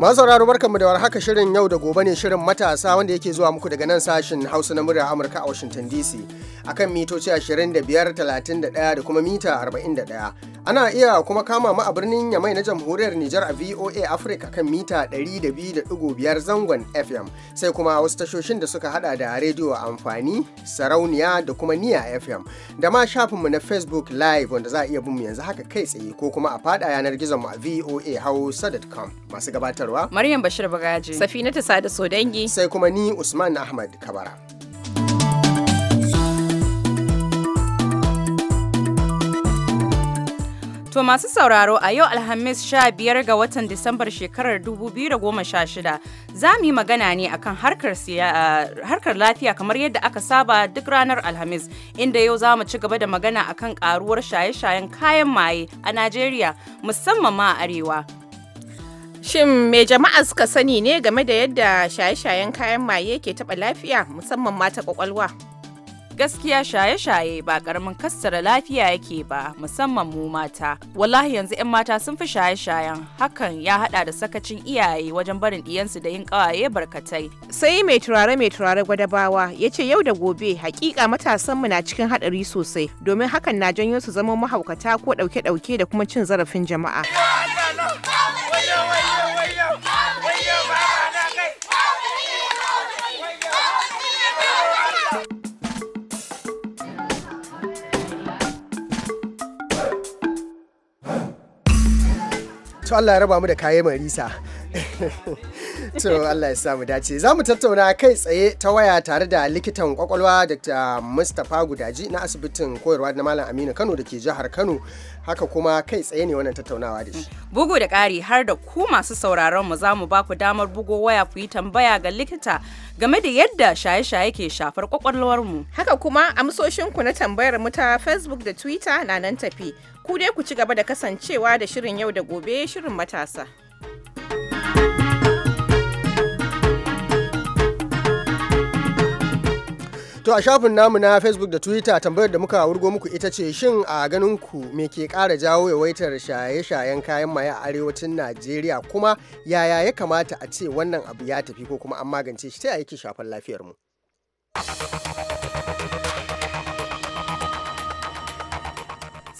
sauraro barkanmu da haka shirin yau da gobe ne shirin matasa wanda yake zuwa muku daga nan sashin Hausa na murya Amurka a Washington DC akan mitoci 25, 31 da kuma mita 41. Ana iya kuma kama mu a birnin Yamai na Jamhuriyar Nijar a VOA Africa kan mita 102.5 zangon FM sai kuma wasu tashoshin da suka hada da rediyo amfani, sarauniya da kuma niya FM da ma shafinmu na Facebook Live wanda za a iya bin mu yanzu haka kai tsaye ko kuma a fada yanar gizon mu a voahausa.com masu gabatar gabatarwa Maryam Bashir Bagaji ta Sada Sodangi sai kuma ni Usman Ahmad Kabara To masu sauraro a yau Alhamis 15 ga watan Disambar shekarar 2016 za mu yi magana ne akan harkar, harkar lafiya kamar yadda aka saba duk ranar Alhamis inda yau za mu ci gaba da magana akan karuwar shaye-shayen kayan maye a Najeriya musamman ma a Arewa. Shin mai jama'a suka sani ne game da yadda shaye-shayen kayan maye ke taɓa lafiya musamman mata kwakwalwa? Gaskiya shaye-shaye ba karamin kassara lafiya yake ba musamman mu mata. Wallahi yanzu 'yan mata sun fi shaye-shayen hakan ya haɗa da sakacin iyaye wajen barin ɗiyansu da yin ƙawaye barkatai. Sai mai turare mai turare gwadabawa ya ce yau da gobe hakika mu na cikin haɗari sosai domin hakan na janyo su zama mahaukata ko ɗauke-ɗauke da kuma cin zarafin jama'a. su Allah ya raba mu da kaye marisa to Allah ya samu dace za mu tattauna kai tsaye ta waya tare da likitan kwakwalwa Dr. Mustapha Gudaji na asibitin koyarwa na Malam Aminu Kano da ke jihar Kano haka kuma kai tsaye ne wannan tattaunawa da shi. Bugu da ƙari har da ku masu sauraron mu za mu ba ku damar bugo waya ku yi tambaya ga likita game da yadda shaye-shaye ke shafar kwakwalwar mu. Haka kuma amsoshinku na tambayar mu ta Facebook da Twitter na nan tafi. Ku dai ku ci gaba da kasancewa da shirin yau da gobe shirin matasa. To a shafin namu na Facebook da Twitter tambayar da muka wurgo muku ita ce shin a ganin ku me ke kara jawo yawaitar shaye-shayen kayan maye a arewacin Najeriya kuma yaya ya kamata a ce wannan abu ya tafi ko kuma an magance shi ta yake shafar lafiyar mu.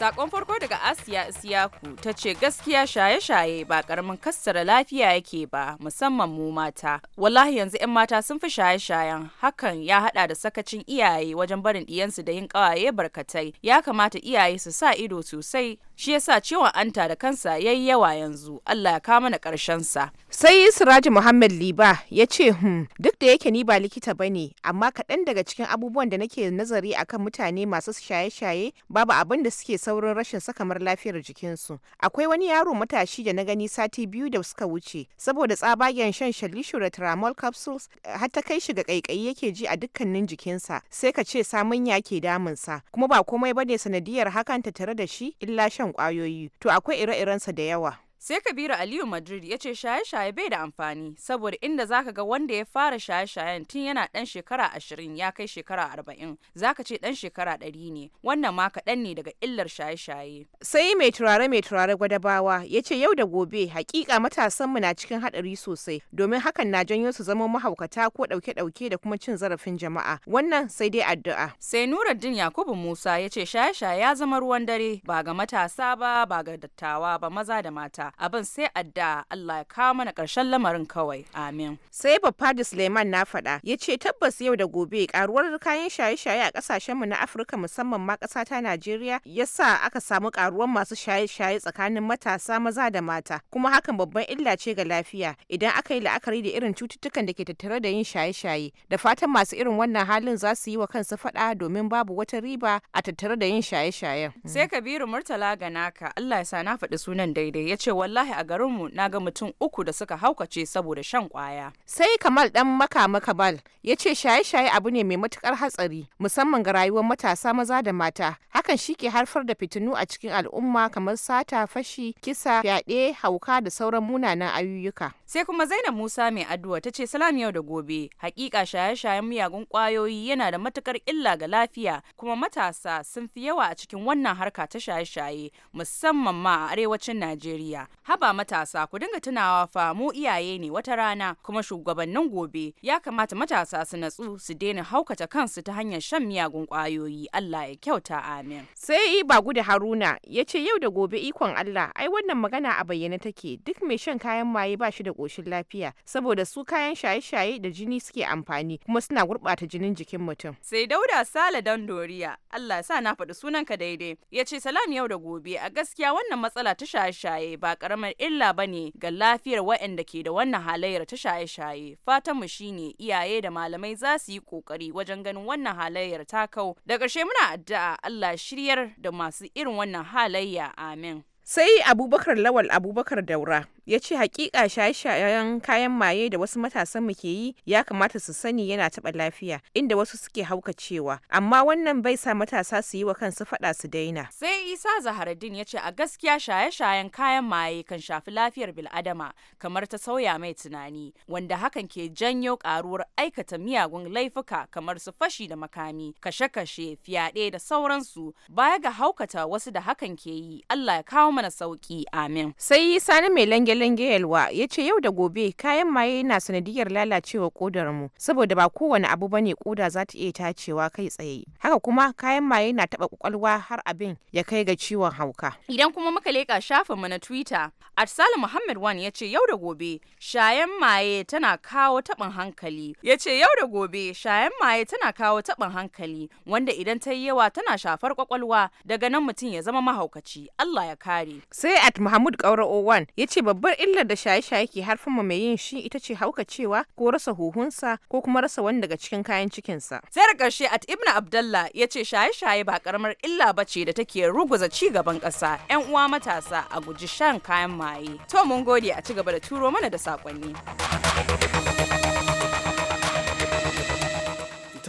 Sakon farko daga Asiya Isiyaku ta ce gaskiya shaye-shaye ba karamin kassara lafiya yake ba musamman mu mata. Wallahi yanzu 'yan mata sun fi shaye-shayen hakan ya hada da sakacin iyaye wajen barin diyansu da yin kawaye barkatai. Ya kamata iyaye su sa ido sosai shi yasa ciwon anta da kansa ya yi yawa yanzu Allah ya kama mana ƙarshen sa. Sai Siraji Muhammad Liba ya ce hmm, duk da yake ni ba likita ba ne amma kaɗan daga cikin abubuwan da nake nazari akan mutane masu shaye-shaye babu abin da suke saurin rashin sakamar lafiyar jikinsu. Akwai wani yaro matashi da na gani sati biyu da suka wuce saboda tsabagen shan shalishu da tramol capsules har ta kai shi ga ƙaiƙayi yake ji a dukkanin jikinsa sai ka ce samun ya ke damunsa kuma ba komai ba ne sanadiyar hakan ta tare da shi illa shan kwayoyi to akwai ire-irensa da yawa sai kabiru aliyu madrid ya ce shaye-shaye bai da amfani saboda inda zaka ga wanda ya fara shaye-shayen tun yana dan shekara ashirin ya kai shekara arba'in zaka ce dan shekara ɗari ne wannan ma kaɗan ne daga illar shaye-shaye sai mai turare mai turare gwadabawa ya ce yau da gobe hakika matasanmu na cikin haɗari sosai domin hakan na janyo su zama mahaukata ko ɗauke-ɗauke da kuma cin zarafin jama'a wannan sai dai addu'a sai nuruddin yakubu musa ya ce shaye-shaye ya zama ruwan dare ba ga matasa ba ba ga dattawa ba maza da mata abin sai adda Allah ya kawo mana ƙarshen lamarin kawai amin sai da suleiman na faɗa ya ce tabbas yau da gobe karuwar kayan shaye-shaye a ƙasashen mu na afirka musamman ma ƙasa ta najeriya yasa aka samu karuwar masu shaye-shaye tsakanin matasa maza da mata kuma hakan babban illa ce ga lafiya idan aka yi la'akari da irin cututtukan da ke tattare da yin shaye-shaye da fatan masu irin wannan halin za su yi wa kansu faɗa domin babu wata riba a tattare da yin shaye shaye sai kabiru murtala ga naka Allah ya sa na faɗi sunan daidai ya ce wallahi a garinmu na ga mutum uku da suka haukace saboda shan kwaya. Sai Kamal dan makama Kamal ya ce shaye-shaye abu ne mai matukar hatsari musamman ga rayuwar matasa maza da mata. Hakan shi ke harfar da fitinu a cikin al'umma kamar sata, fashi, kisa, fyaɗe, hauka da sauran munanan ayyuka. Sai kuma Zainab Musa mai addu'a ta ce salam yau da gobe, hakika shaye-shayen miyagun kwayoyi yana da matukar illa ga lafiya kuma matasa sun fi yawa a cikin wannan harka ta shaye-shaye musamman ma a arewacin Najeriya. Haba matasa ku dinga tunawa fa mu iyaye ne wata rana kuma shugabannin gobe ya kamata matasa su natsu su daina haukata kansu ta hanyar shan miyagun kwayoyi Allah ya kyauta amin. Sai ba gudu Haruna ya ce yau da gobe ikon Allah ai wannan magana a bayyane take duk mai shan kayan maye ba shi da ƙoshin lafiya saboda su kayan shaye-shaye da jini suke amfani kuma suna gurɓata jinin jikin mutum. Sai Dauda Sale don Doriya, Allah sa na faɗi sunanka daidai. Ya ce salam yau da gobe a gaskiya wannan matsala ta shaye-shaye ba karamar illa ba ne ga lafiyar waɗanda ke da wannan halayyar ta shaye-shaye. Fatan mu shine iyaye da malamai za su yi ƙoƙari wajen ganin wannan halayyar ta kau. Da ƙarshe muna addu'a Allah shiryar da masu irin wannan halayya. Amin. sai abubakar lawal abubakar daura ya ce hakika shaye-shayen kayan maye da wasu matasan mu ke yi ya kamata su sani yana taɓa lafiya inda wasu suke haukacewa amma wannan bai sa matasa su yi wa kansu faɗa su daina. Sai Isa zaharuddin ya ce a gaskiya shaye-shayen kayan maye kan shafi lafiyar bil'adama kamar ta sauya mai tunani wanda hakan ke janyo ƙaruwar aikata miyagun laifuka kamar su fashi da makami kashe-kashe fyaɗe da sauransu baya ga haukata wasu da hakan ke yi Allah ya kawo mana sauki amin. Sai Isa na mai lange Lange Yalwa ya ce yau da gobe kayan maye na sanadiyar lalacewa kodar mu saboda ba kowane abu ba ne koda za ta iya tacewa kai tsaye. Haka kuma kayan maye na taba kwakwalwa har abin ya kai ga ciwon hauka. Idan kuma muka leka shafin mu na Twitter, Arsala Muhammad Wan ya ce yau da gobe shayan maye tana kawo taɓin hankali. Ya ce yau da gobe shayan maye tana kawo taɓin hankali wanda idan ta yi yawa tana shafar kwakwalwa daga nan mutum ya zama mahaukaci. Allah ya kare. Sai at Muhammad Kaura Owan ya ce Babbar illar da shaye-shaye ke haifar ma mai yin shi ita ce hauka cewa ko rasa huhunsa ko kuma rasa wani daga cikin kayan cikinsa. Sai da karshe at Ibn Abdallah ya ce shaye-shaye ba karamar illa ba ce da take ruguza ci gaban ƙasa. 'Yan uwa matasa a guji shan kayan maye. To mun gode a ci gaba da turo mana da saƙonni.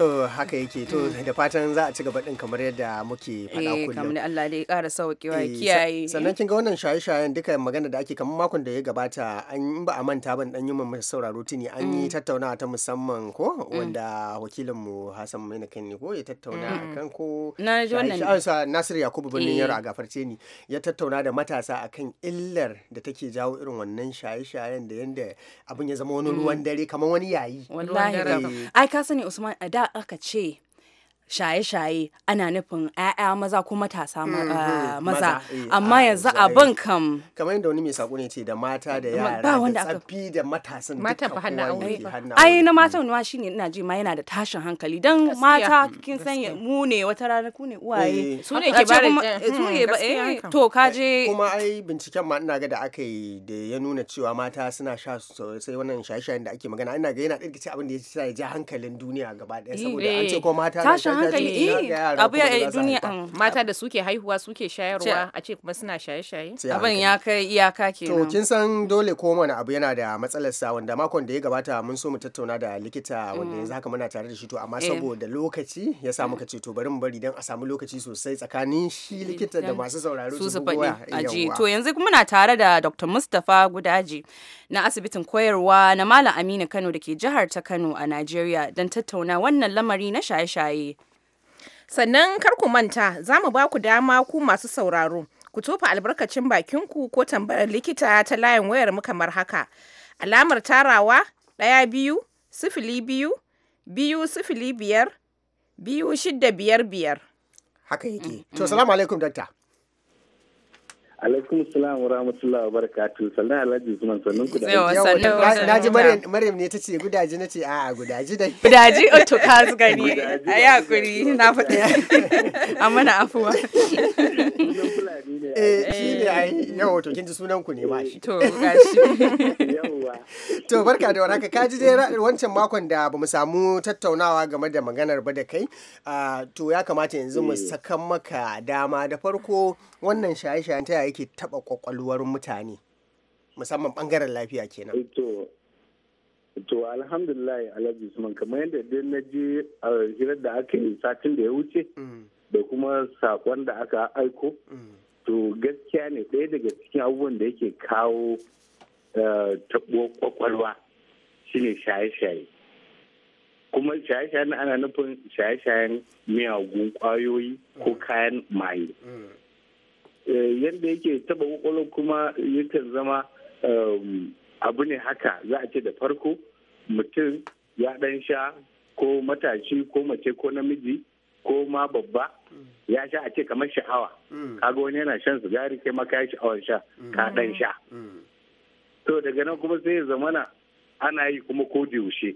to haka yake to da fatan za a ci gaba din kamar yadda muke faɗa eh, kullum kamar Allah dai ƙara saukewa eh, kiyaye sannan kin ga wannan shaye-shayen duka magana da ake kamar makon da ya gabata an ba a manta ban dan yi mun sauraro tuni an yi mm. tattaunawa ta musamman ko mm. wanda wakilin mu Hassan Maina ne ko ya tattauna mm. akan ko na ji wannan ah, Nasir Yakubu Birnin Yaro eh. a gafarce ni ya tattauna da matasa akan illar da take jawo irin wannan shaye-shayen da yanda abin ya zama wani ruwan dare kamar wani yayi wallahi ai ka sani Usman a da aka ce shaye-shaye ana nufin 'ya'ya maza ko matasa mm-hmm. ah, maza eh, amma ah, yanzu abin kam kamar yadda wani mai sako ne ce da mata da yara da tsaffi da matasan mata ba hannu aure ai na mata mm. ma shine ina ji ma yana da tashin hankali don mata mm, kin san mu ne wata rana ku ne uwaye eh. su ne ke bare eh, su hmm, ne ba eh to kaje kuma ai binciken ma ina ga da aka yi da ya nuna cewa mata suna sha sosai wannan shaye-shayen da ake magana ina ga yana ɗirgice abin da ya ja hankalin duniya gaba ɗaya saboda an ce ko mata hankali eh, eh. abu ya eh, duniya mm, mata da suke haihuwa suke shayarwa a ce kuma suna shaye-shaye abin ya kai iyaka kenan to kin san dole ko wani abu yana da matsalar sa wanda makon da ya gabata mun so mu tattauna da likita wanda mm. yanzu haka muna tare da shi to amma eh. saboda lokaci ya sa muka ce to bari mu bari dan a samu lokaci sosai tsakanin shi likita da masu sauraro su faɗi aji to yanzu kuma muna tare da Dr. Mustapha Gudaji na asibitin koyarwa na Malam Aminu Kano da ke jihar ta Kano a Najeriya don tattauna wannan lamari na shaye-shaye. Sannan kar ku manta za mu ba ku dama ku masu sauraro ku tofa albarkacin bakinku ko tambayar likita ta layin wayar mu kamar haka. Alamar tarawa ɗaya biyu sifili biyu biyu sifili biyar biyu shidda biyar biyar. Haka yake. Mm, to mm. salamu alaikum dakta. alaikum salam wa rahmatullahi wa barakatu. sannan alhaji zuman sannan ku da na ji maryam ne ta ce gudaji na ce a'a gudaji dai gudaji oh, to ka gani a yakuri na faɗi amma na afuwa Eh, eh shi ne ai to kin ji sunan ne ma shi to barka da warhaka ka ji dai wancan makon da bamu samu tattaunawa game da maganar ba da kai ah, to ya kamata yanzu mu eh. sakan maka dama da farko wannan shaye-shayen ta yake taba kwakwalwar mutane musamman bangaren lafiya kenan eh, to alhamdulillah alhaji suman kamar yadda dai na je a ah, hirar da aka yi satin da ya wuce mm. da kuma sakon da aka aiko mm. to gaskiya ne ɗaya daga cikin abubuwan da yake kawo eh, taɓo kwakwalwa shine shaye-shaye kuma shaye na ana nufin shaye-shayen miyagun kwayoyi ko kayan maye eh, yadda yake taɓa kwakwalwa kuma yakan zama eh, abu ne haka za a ce da farko mutum ya ɗan sha ko matashi ko mace ko namiji ko ma babba ya sha a ce kamar sha'awa mm. kaga wani yana shan sigari kai ma ya sha'awar sha mm. ka dan sha mm. to daga nan kuma sai ya zamana ana yi kuma ko da yaushe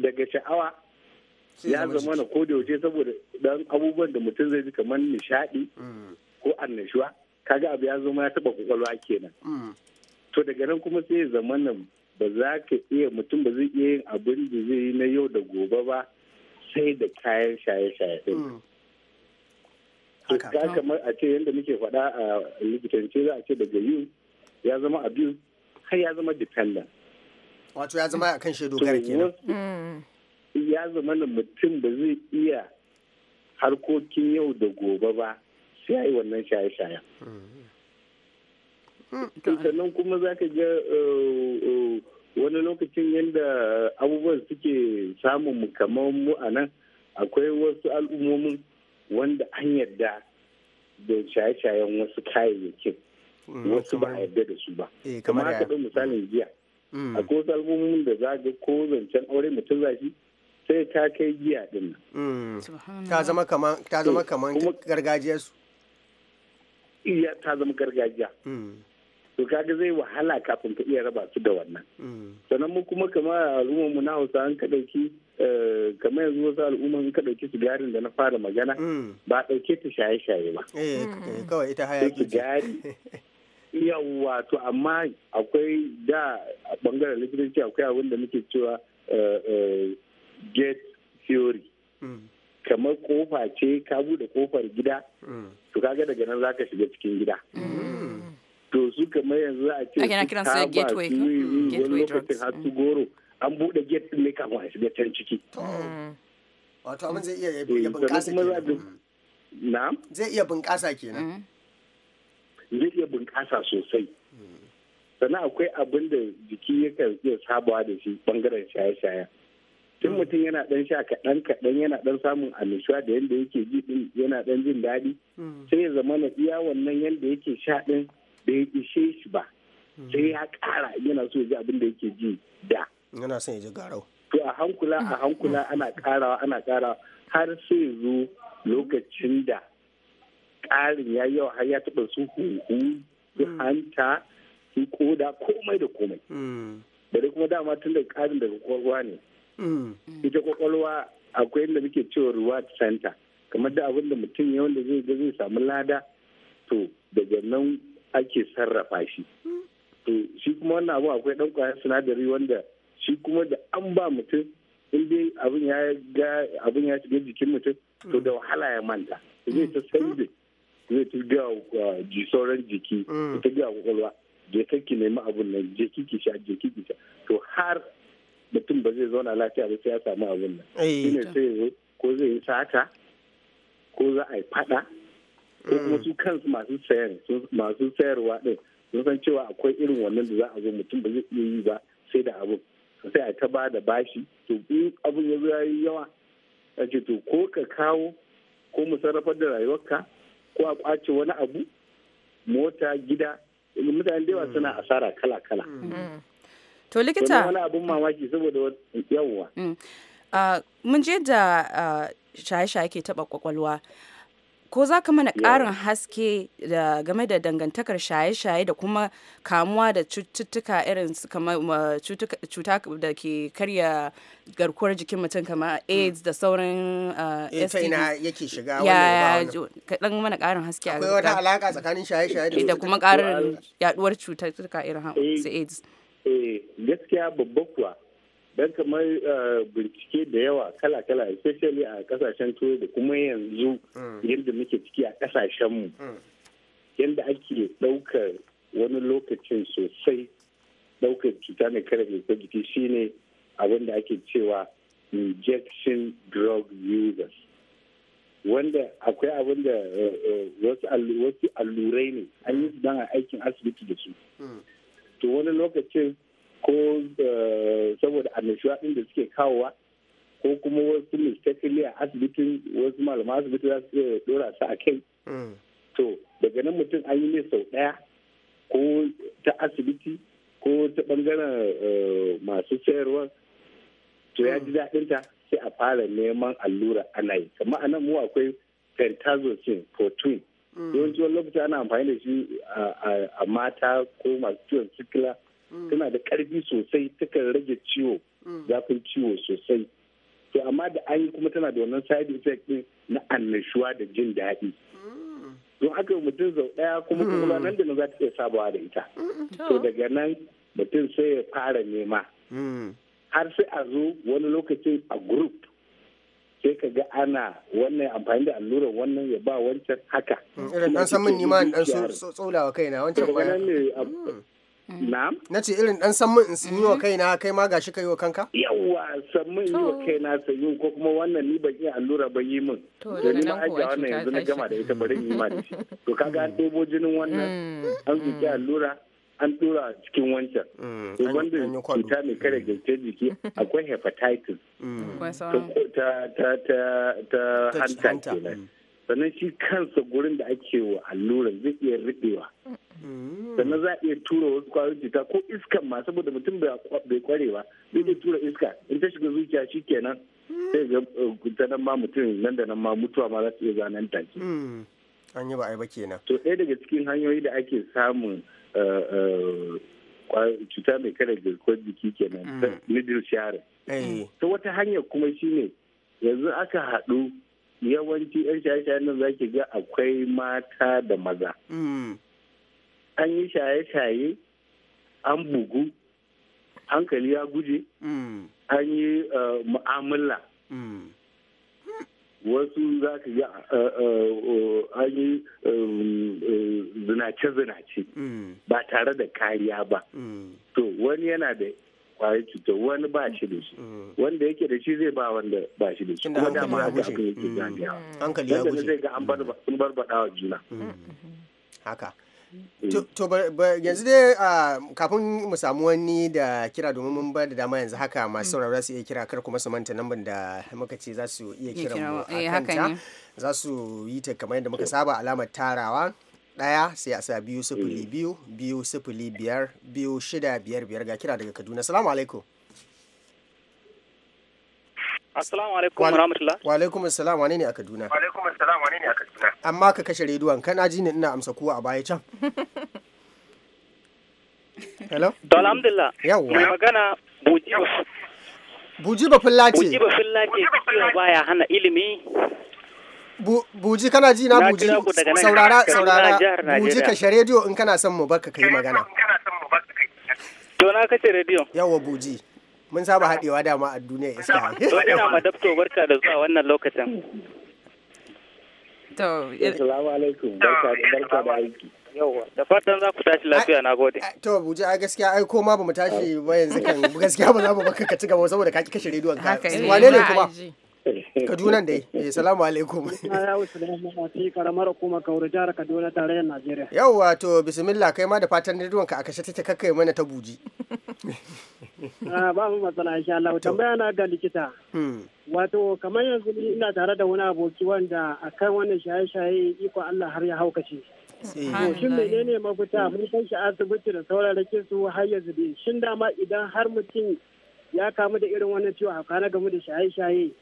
daga sha'awa ya zamana ko da yaushe saboda dan abubuwan da mutum zai ji kamar nishadi ko annashuwa kaga abu ya zama ya taba kwakwalwa kenan to daga nan kuma sai ya zamana ba za ka iya mutum ba zai iya yin abin da zai yi na yau da gobe ba sai da kayan shaye-shaye ɗin. Hmm. Ka kamar a ce yadda muke faɗa a likitance za a ce daga yi ya zama abu har ya zama dependent. Wato ya zama a kan shaidu gara kenan. Ya zama na mutum ba zai iya harkokin yau da gobe ba sai ya yi wannan shaye-shayen. Hmm. sannan kuma za ka ga eh, eh, wani lokacin yadda abubuwan suke samun mu kamar mu a nan akwai wasu al'ummomin wanda an yarda da shaye-shayen wasu kayayyakin mm, wasu ba a yarda da su ba eh, kamar haka ɗan misalin giya mm. akwai wasu al'ummomin da za ga ko zancen aure mutum za shi sai ta kai giya ɗin nan mm. ta zama kaman eh, gargajiyarsu iya ta zama gargajiya to kaga zai wahala kafin ka iya raba su da wannan mm. sannan mu kuma kamar al'ummar mu na hausa an ka dauki eh, kamar yanzu wasu al'umman ka dauki sigarin da na fara magana mm. ba dauke ta shaye-shaye ba eh, mm. eh, kawai ita hayaki sigari yawa to amma akwai da a bangaren likitanci akwai abin da muke cewa gate theory kamar kofa ce ka bude kofar gida to kaga daga nan zaka shiga cikin gida to su kamar yanzu a ce su lokacin har goro an buɗe gate ne kafin a shiga ciki mm. wato abin zai iya eh, bunƙasa kenan mm. zai iya bunƙasa sosai mm. sannan akwai abin da jiki yakan iya sabawa da shi bangaren shaye-shaye tun mutum yana ɗan sha kaɗan kaɗan yana ɗan samun annishuwa da yadda yake ji din yana dan jin daɗi sai ya zama na iya wannan yadda yake sha ɗin. bai ishe shi ba hmm. sai ya kara yana so ji abin da yake ji da yana son ya ji garau to a hankula a hankula ana karawa ana karawa har sai zo lokacin da ƙarin ya yawa har ya taɓa su huhu su hmm. hanta su koda komai da komai da hmm. kuma dama tun da ƙarin daga kwakwalwa ne ita kwakwalwa akwai inda muke cewa ruwa center kamar da abin da mutum ya wanda zai ga zai samu lada to daga nan ake sarrafa shi to shi kuma wannan abu akwai ɗan kwayar sinadari wanda shi kuma da an ba mutum in dai abin ya ga abin ya shiga jikin mutum to da wahala ya manta zai ta sanje zai ta ga ah, sauran jiki mm. ta ga kwakwalwa je ki nemi abun nan je ki sha je ki sha to har mutum ba zai zauna lafiya ba sai ya samu abun nan eh, shine sai ko zai yi sata ko za a yi fada ko kuma mm. su kansu masu sayar masu sayarwa din sun san cewa akwai irin wannan da za a zo mutum ba zai iya yi ba sai da abu sai a ta ba da bashi to in abin ya zo yayi yawa a ce to ko ka kawo ko mu sarrafa da rayuwarka ko a kwace wani abu mota gida mutane da yawa mm. suna asara kala kala mm. to likita wani abun mamaki saboda yawwa ah, mun je da ah, shaye-shaye ke taba kwakwalwa ko za ka mana ƙarin haske da game da dangantakar shaye-shaye da kuma kamuwa da cututtuka irin su cuta da ke karya garkuwar jikin mutum kamar mm. aids da sauran ah, eh, ta ina yake shiga ya kaɗan mana ƙarin haske akwai wata alaƙa tsakanin shaye-shaye da kuma ƙarin yaduwar cututtuka irin eh, su aids eh, gaskiya babba kuwa don kamar eh, bincike da yawa kala-kala especially a kasashen turai da kuma yanzu mm. yadda muke ciki a kasashenmu mm. yadda ake ɗaukar wani lokacin sosai ɗaukar cuta mai kare mai jiki shine abin da ake cewa injection drug users wanda akwai abin da eh, eh, wasu allurai ne an yi su don a aikin asibiti da su mm. to wani lokacin ko eh, saboda annashuwa ɗin da suke kawowa ko kuma wasu mistakenly a asibitin wasu malama asibiti za su dora su a kai mm. to daga nan mutum an yi ne sau ɗaya ko ta asibiti ko ta bangaren eh, masu sayarwa to ya ji mm. daɗinta sai a fara neman allura ana yi kamar anan mu akwai pentazocin protein mm. yawanci wani lokaci ana amfani da shi a mata ko masu ciwon sikila Mm. tana da karfi sosai takan rage ciwo mm. zafin ciwo sosai to amma da an yi kuma tana da wannan side effect din na annashuwa da jin daɗi mm. don haka mutum zau ɗaya kuma kuma nan da nan za ta iya sabawa da ita to daga nan mutum sai ya fara nema har sai a zo wani lokacin a group sai ka ga ana wannan amfani da allurar wannan ya ba wancan haka. Irin ɗan samun nima ɗan tsaulawa kaina wancan baya. na mm. na ce irin dan sammun in sun yi wa mm. kaina kai ma gashi kai wa kanka yawa in yi wa kaina sanyin ko kuma wannan ni ban iya allura ban yi min to ni ma ajiya wannan yanzu na gama da ita bari in yi ma da shi to kaga an mm. ɗebo jinin wannan an zuke allura an dora cikin wancan to wanda cuta mai kare gangar jiki akwai hepatitis ta hanta kenan sannan shi kansa gurin da ake wa allura zai iya riɓewa sannan za a iya tura wasu kwayoyin cuta ko iska ma saboda mutum bai kware ba zai iya tura iska in ta shiga zuciya shi kenan sai ga eh, ta nan ma mutum nan da nan ma mutuwa ma za su iya zanen take hmm. an yi ba ai ba kenan to ɗaya daga cikin hanyoyi da ake samun eh, eh, cuta mai kare garkuwar jiki kenan hmm. middle sharing ta wata hanyar kuma shine yanzu aka haɗu yawanci 'yan shaye-shayen nan za ki ga akwai mata da maza. Mm. An yi shaye-shaye, an bugu, hankali ya guje, mm. an yi uh, mu'amala. Mm. Wasu za ka ga uh, uh, an yi um, zinace-zinace ba tare da kariya ba. To, wani yana da kwayar cuta wani ba shi da shi mm. wanda yake da shi zai ba wanda ba shi da shi kuma da ma haka abin yake ganewa mm. hankali ya guje zai ga an barbaɗawa juna mm. haka To yanzu dai ah, kafin mu samu wani da kira domin mun ba da dama yanzu haka masu sauraro su iya kira kar kuma su manta lambar da muka ce za su iya kira mu eh, a kanta za su yi ta kamar yadda muka saba alamar tarawa ɗaya sai a sa biyu sifili eh. biyu biyu sifili biyar biyu shida biyar biyar ga kira daga kaduna salamu alaikum Assalamu alaikum wa rahmatullah. Wa alaikum assalam wane ne a Kaduna? Wa alaikum assalam wane ne a Kaduna? Amma ka kashe rediyon kana ji ne ina amsa kowa a baya can. Hello? To alhamdulillah. yau Mai magana Buji Buji ba fullace. Buji ba ya hana ilimi buji kana ji na buji saurara saurara buji ka share rediyo in kana son mu baka kai magana to na kace rediyo yawa buji mun saba haɗewa dama a duniya iska to ina ma dafto barka da zuwa wannan lokacin to assalamu alaikum barka da barka da aiki Yawa da fatan za ku tashi lafiya na gode. To Buji a gaskiya ai ko ma bamu tashi ba yanzu kan gaskiya ba za mu baka ka ci gaba saboda ka ki kashe rediyon ka. Wane ne kuma? Kaduna dai. Eh salamu alaikum. Ya wuce da karamar hukumar da jihar Kaduna tarayyar Najeriya. Yawwa to bismillah kai ma da fatan rediyon ka a kashe take kakkai mana ta buji. Ah, ba mu matsala insha Allah. Tambaya na ga likita. Hmm. Wato kamar yanzu ina tare da wani aboki wanda akan wannan shaye-shaye iko Allah har ya haukace. shin menene mafita mun san shi asibiti da sauran rake su har yanzu zube shin dama idan har mutum ya kamu da irin wannan ciwo a kana game da shaye-shaye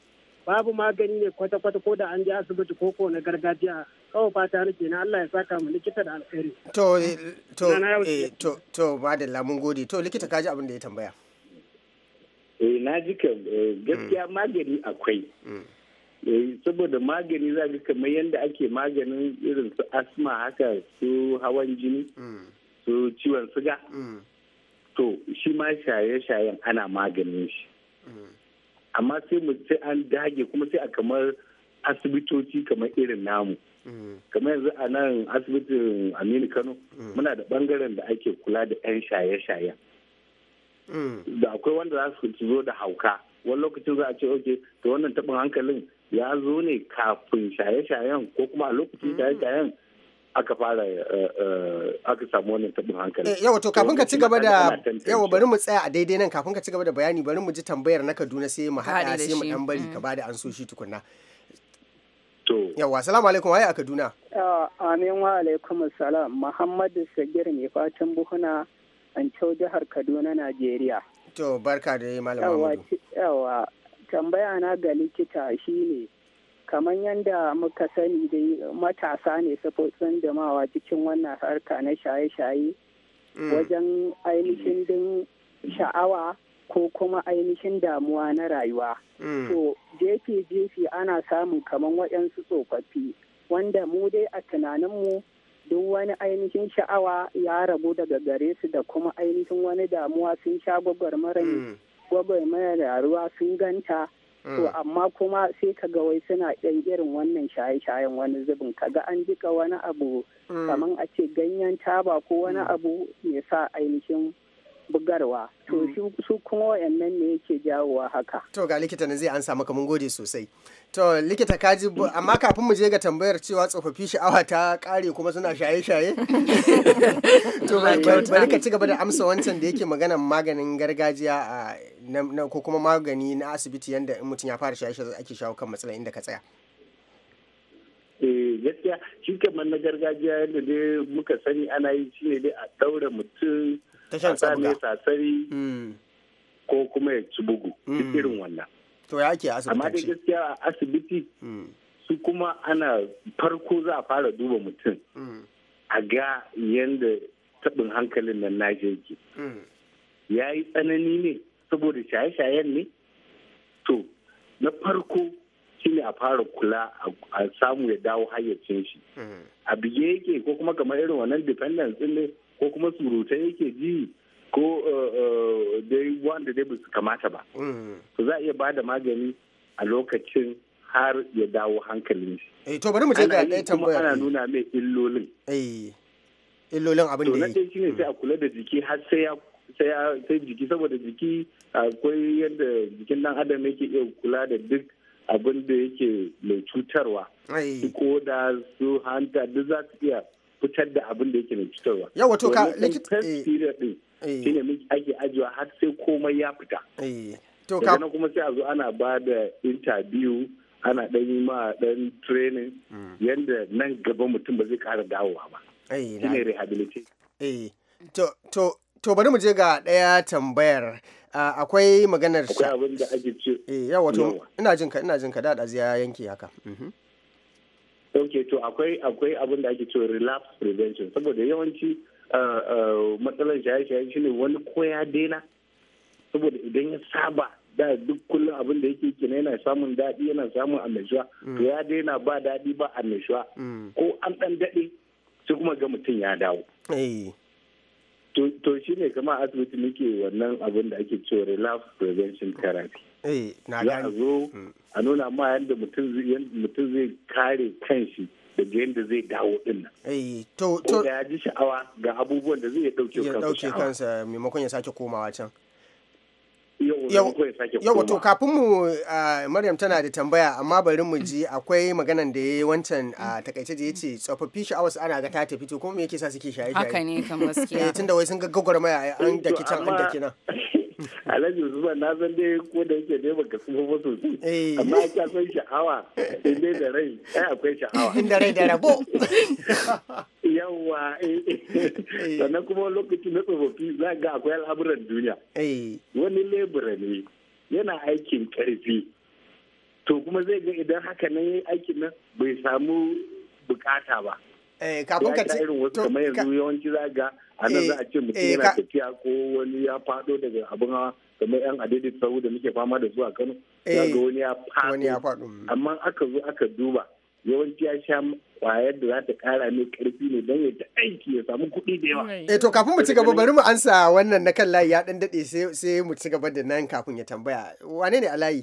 babu magani ne kwata-kwata ko da an je asibiti ko ko na gargajiya kawai fata nake na Allah ya saka mu likita da alkhairi to eh, to eh, to to madalla mun gode to likita kaji abin da ya tambaya eh na ji ka eh, gaskiya mm. magani akwai mm. saboda magani za ka kamar yadda ake maganin irin su asma haka su hawan jini mm. su ciwon suga to shi ma shaye-shayen ana maganin shi amma sai mu sai an dage kuma sai a kamar asibitoci kamar irin namu mm. kamar yanzu a nan asibitin aminu kano mm. muna da bangaren da ake kula da 'yan shaye-shaye mm. da akwai wanda za su zo da hauka wani lokacin za a ce oke to wannan taɓin hankalin ya zo ne kafin shaye-shayen ko kuma a lokacin shaye-shayen aka fara eh, eh, aka samu wannan tabin hankali. Eh, yawa to kafin ka ci gaba da yawa bari mu tsaya a daidai nan kafin ka ci gaba da bayani bari mu ji tambayar na Kaduna sai mu haɗa sai mu ɗan bari ka mm. bada an so shi tukunna. To. Yawa salamu alaikum waye a Kaduna. Ah, amin wa alaikum salam Muhammadu Sagir mai fatan buhuna an jihar Kaduna Najeriya. To barka da yi malam Muhammadu. Yawa tambaya na ga likita shine kamar yadda muka sani dai matasa ne sun jamawa cikin wannan harka na shaye-shaye mm. wajen ainihin din sha'awa ko kuma ainihin damuwa na rayuwa mm. to jefe jefi ana samun kamar waɗansu tsofaffi wanda mu dai a tunaninmu duk wani ainihin sha'awa ya rabu daga gare su da kuma ainihin wani damuwa sun sha gwagwarmara ne mm. da ruwa sun ganta to mm. amma kuma sai ka ga wai suna ɗan irin wannan shaye-shayen wani zubin ka ga an jika wani abu mm. kamar a ce ganyen taba ko wani mm. abu ya sa ainihin bugarwa to mm. su kuma wayannan ne yake jawowa haka to ga likita na zai ansa maka mun gode sosai to likita kaji amma kafin mu je ga tambayar cewa tsofaffi sha'awa ta kare kuma suna shaye-shaye to bari ka ci gaba da amsa wancan da yake magana maganin gargajiya a ko kuma magani na asibiti yanda in mutum ya fara shaye-shaye ake shawo kan matsala inda ka tsaya eh, gaskiya shi kamar na gargajiya yadda dai muka sani ana yi ne dai a daura mutum ta shan tsabuga sassari hmm. ko kuma ya ci bugu duk hmm. irin wannan to ya ke asibiti amma dai gaskiya a asibiti hmm. su kuma ana farko za a fara duba mutum a ga yadda tabin hankalin nan na jirgi ya yi tsanani ne saboda shaye-shayen ne to na farko shine a fara kula a samu ya dawo hayyacin shi a bige yake ko kuma kamar irin wannan dependence ne ko kuma surutai yake ji ko eh, eh, dai wanda dai su kamata ba mm. to za a iya ba da magani a lokacin har ya dawo hankalin shi eh, to bari mu je ga ɗaya tambaya ana nuna mai illolin illolin abin da yi shi ne shine sai a kula da jiki har sai ya sai jiki saboda jiki akwai yadda jikin dan adam yake iya kula da duk abin da yake mai cutarwa su koda su hanta duk za su iya fitar da abin da yake mai fitarwa. Yawa to ka likita eh period din eh. ake ajiwa har sai komai ya fita. Eh, to ka kuma sai a zo ana ba da interview ana dan yi ma ɗan training hmm. yadda nan gaba mutum ba zai ƙara dawowa ba. Eh, Shi ne rehabilitation. Eh to to bari mu je ga ɗaya tambayar akwai maganar akwai abin da ake ce yawa to ina jinka ka ina jin ka da yanke haka. Mhm. ok to akwai akwai abin da ake ce relapse prevention saboda yawanci uh, uh, matsalar shaye-shaye shine wani koya daina saboda idan ya saba da duk kullum abin da yake kina yana samun daɗi yana samun annashuwa to ya daina ba daɗi ba annashuwa mm. ko an ɗan daɗe sai kuma ga mutum ya dawo eh. to shi ne kama asibiti muke wannan abin da ake cewa relapse prevention therapy eh, za a zo mm. a nuna ma yadda mutum zai kare kanshi daga yadda zai dawo din nan eh, to to ya ji sha'awa ga abubuwan da zai dauke kansa ya dauke kansa maimakon ya sake komawa can yau to kafin mu maryam tana da tambaya amma bari mu ji akwai maganan da ya yi wancan a takaice da ya ce tsofaffi sha'awar su ana ga ta tafi to kuma me yake sa suke shaye shaye haka ne kamar suke eh, tunda wai sun ga gwagwarmaya an daki can an daki nan alhaji usman na san dai ko da yake ne baka tsufa ba sosai eh. amma ka san sha'awa inda da rai ai akwai sha'awa inda rai da rabo yawa eh. eh. sannan kuma lokaci na tsofaffi za ga akwai al'amuran duniya wani lebura ne yana aikin karfi to kuma zai ga idan haka nan ya aikin nan bai samu bukata ba eh kafin ka ce irin wasu kamar yanzu yawanci za ga a nan za a ce eh, mutum eh, yana tafiya ko wani ya fado daga abin hawa kamar yan adadin sahu da muke fama da su a Kano za eh, ga wani ya fado mm. amma aka zo aka duba yawanci ya sha kwayar da za ta kara mai karfi ne don ya ta aiki ya samu kuɗi da yawa. Eh to kafin mu ci gaba bari mu ansa wannan na kan layi ya dan daɗe sai mu ci gaba da nan kafin ya tambaya wane ne a layi?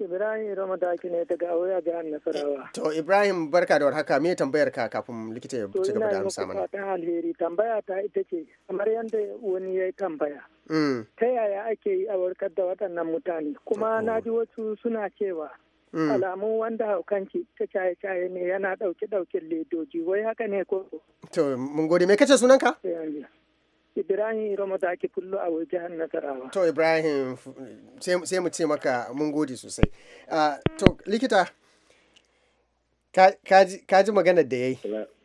Ibrahim Daki ne daga Aure a jihar Nasarawa. To Ibrahim barka da warhaka me tambayar ka kafin likita ya ci gaba da amsa mana. To ina alheri tambaya ta ita ce kamar yadda wani ya yi tambaya. Mm. Ta yaya ake yi a warkar da waɗannan mutane kuma na ji wasu suna cewa mm. alamun wanda haukanci ta caye-caye ne yana ɗauke ɗauke ledoji wai haka ne ko. To mun gode me kace sunanka? Ibrahim Iromo da kullu a jihar Nasarawa. To Ibrahim sai mu ce maka mun gode sosai. Ah, to likita ka ji maganar da ya yi.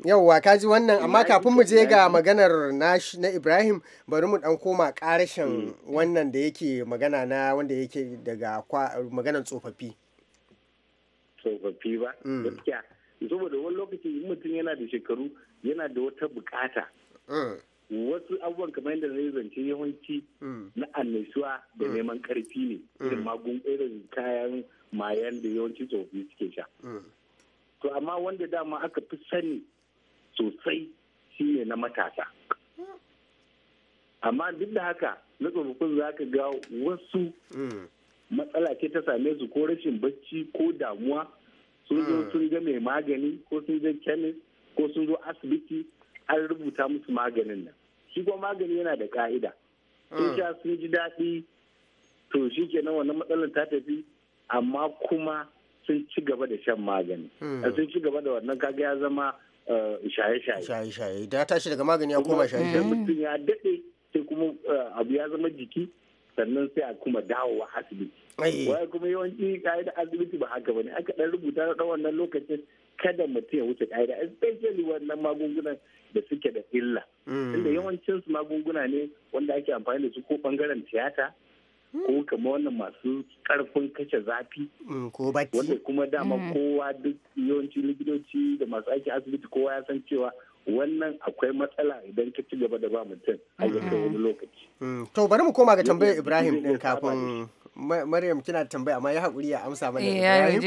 Yauwa ka ji wannan amma kafin mu je ga maganar na Ibrahim bari mu dan koma karashin hmm. wannan da yake magana na wanda yake daga maganar tsofaffi. Tsofaffi ba? Hmm. Gaskiya. Saboda wani lokaci mutum yana da shekaru yana da wata bukata. Hmm. wasu abubuwan kamar yadda na zance yawanci mm. na annashuwa da mm. neman karfi ne mm. irin magun irin kayan mayan da yawanci tsofi suke sha to amma wanda dama aka fi sani sosai shine na matasa amma duk da haka na tsofaffin za ka ga wasu matsala ke ta same su ko rashin bacci ko damuwa sun zo sun ga mai magani ko sun zo kemis ko sun zo asibiti an rubuta musu maganin nan shi kuma magani yana da ka'ida sun mm. sha sun ji daɗi to shi kenan wannan matsalar ta tafi amma kuma sun ci gaba da shan magani mm. sun ci gaba da wannan kaga ya zama eh, shaye-shaye shaye-shaye da daga magani ya koma shaye-shaye mutum ya daɗe sai kuma eh, abu ya zama jiki sannan sai a kuma dawowa asibiti wai kuma yawanci ka'ida asibiti ba haka ne aka ɗan rubuta na wannan lokacin kada mutum ya wuce ka'ida especially wannan magungunan da suke da illa inda mm. yawancin su magunguna ne wanda ake amfani da su ko bangaren tiyata mm. ko kamar wannan masu karfin kashe zafi mm, ko bacci wanda kuma dama kowa duk yawancin likitoci da masu aiki asibiti kowa ya san cewa wannan akwai matsala idan ka ci gaba da ba mutum a wani lokaci to bari mu koma ga tambayar ibrahim din kafin Maryam kina tambaya amma ya haƙuri ya amsa mana eh, Ibrahim.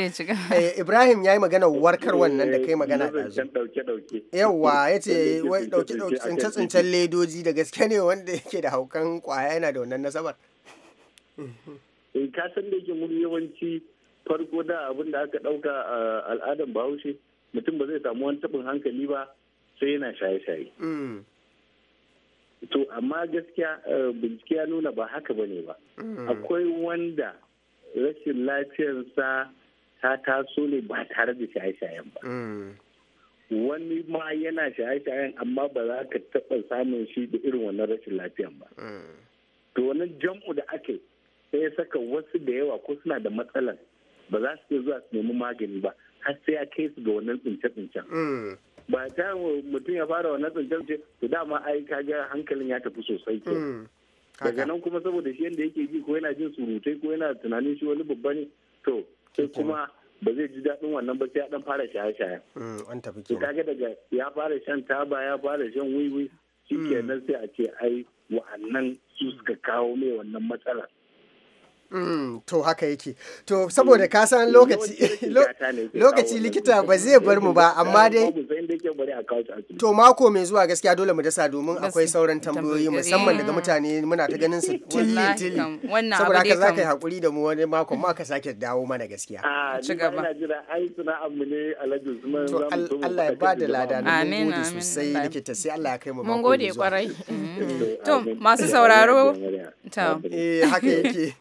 Eh, Ibrahim ya yi magana warkar eh, wannan da kai magana ɗazu. Yawwa ya ce ɗauke ɗauke tsince tsincen ledoji da gaske ne wanda yake da haukan kwaya yana da wannan nasabar. Eh ka san da yake muni yawanci farko da abin da aka ɗauka al'adan Bahaushe mutum ba zai samu wani taɓin hankali ba sai yana shaye-shaye. Mm. to amma gaskiya eh, bincike ya nuna ba haka bane ba mm. akwai wanda rashin lafiyarsa ta taso ne ba tare da shaye-shayen ba mm. wani ma yana shaye-shayen amma ba za ka taɓa samun shi da irin wannan rashin lafiyan ba mm. to wannan jam'u da ake sai saka wasu da yawa ko suna da matsalar ba za su zuwa su nemi magani ba har sai ya kai su ga wannan tsince-tsincen. Mm. Ba ta mutum ya fara wannan tsince-tsince to dama ai ga hankalin ya tafi sosai ke. Mm. Daga nan kuma saboda shi yadda yake ji ko yana jin surutai ko yana tunanin shi wani babba ne to sai kuma ba zai ji daɗin wannan ba sai ya dan fara shaye-shaye. Mm, an tafi kenan. ga daga ya fara shan taba ya fara shan wiwi shi kenan sai a ce ai wa'annan su suka kawo mai wannan matsalar. Mm, to haka yake to saboda ka san lokaci lokaci likita ba zai bar mu ba amma dai to mako mai zuwa gaskiya dole mu dasa domin akwai sauran tambayoyi musamman daga mutane muna ta ganin su tilli tilli saboda haka za ka yi hakuri da mu wani mako ma ka sake dawo mana gaskiya ci gaba to Allah ya bada lada na mun gode sosai likita sai Allah ya kai mu mun gode kwarai to masu sauraro to haka yake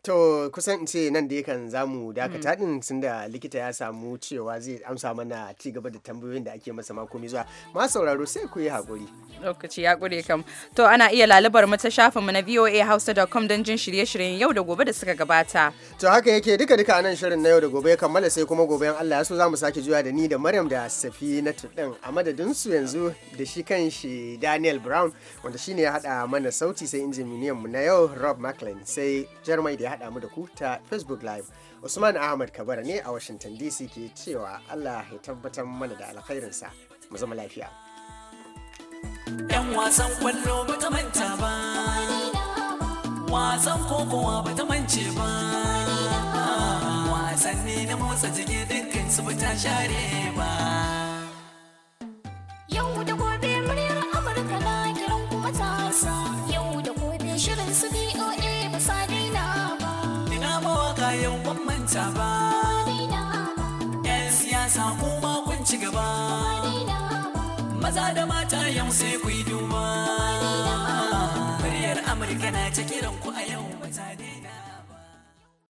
To kusan ce nan da yakan zamu dakata din mm. sun da likita ya samu cewa zai amsa mana ci gaba da tambayoyin da ake masa mako mai zuwa. Ma sauraro sai ku yi hakuri. Lokaci ya kure kam. To ana iya lalubar mu ta shafin mu na voahouse.com don jin shirye-shiryen yau da gobe da suka gabata. To haka yake duka duka nan shirin na yau da gobe ya kammala sai kuma gobe in Allah ya so zamu sake juya da ni da Maryam da Safi na tudin a madadin su yanzu da shi kan shi Daniel Brown wanda shine ya hada mana sauti sai injiniyan mu na yau Rob Macklin sai Jeremy da ya haɗa mu da ku ta Facebook Live. Usman Ahmad Kabara ne a Washington DC ke cewa Allah ya tabbatar mana da alkhairinsa. Mu zama lafiya. Yan wasan kwallo ba ta manta ba, kokowa ba ta mance ba, wasanni na motsa jiki dukkan su ba ta share ba. Yau da ba yan siyasa kuma kun ci gaba maza da mata yau sai ku yi duba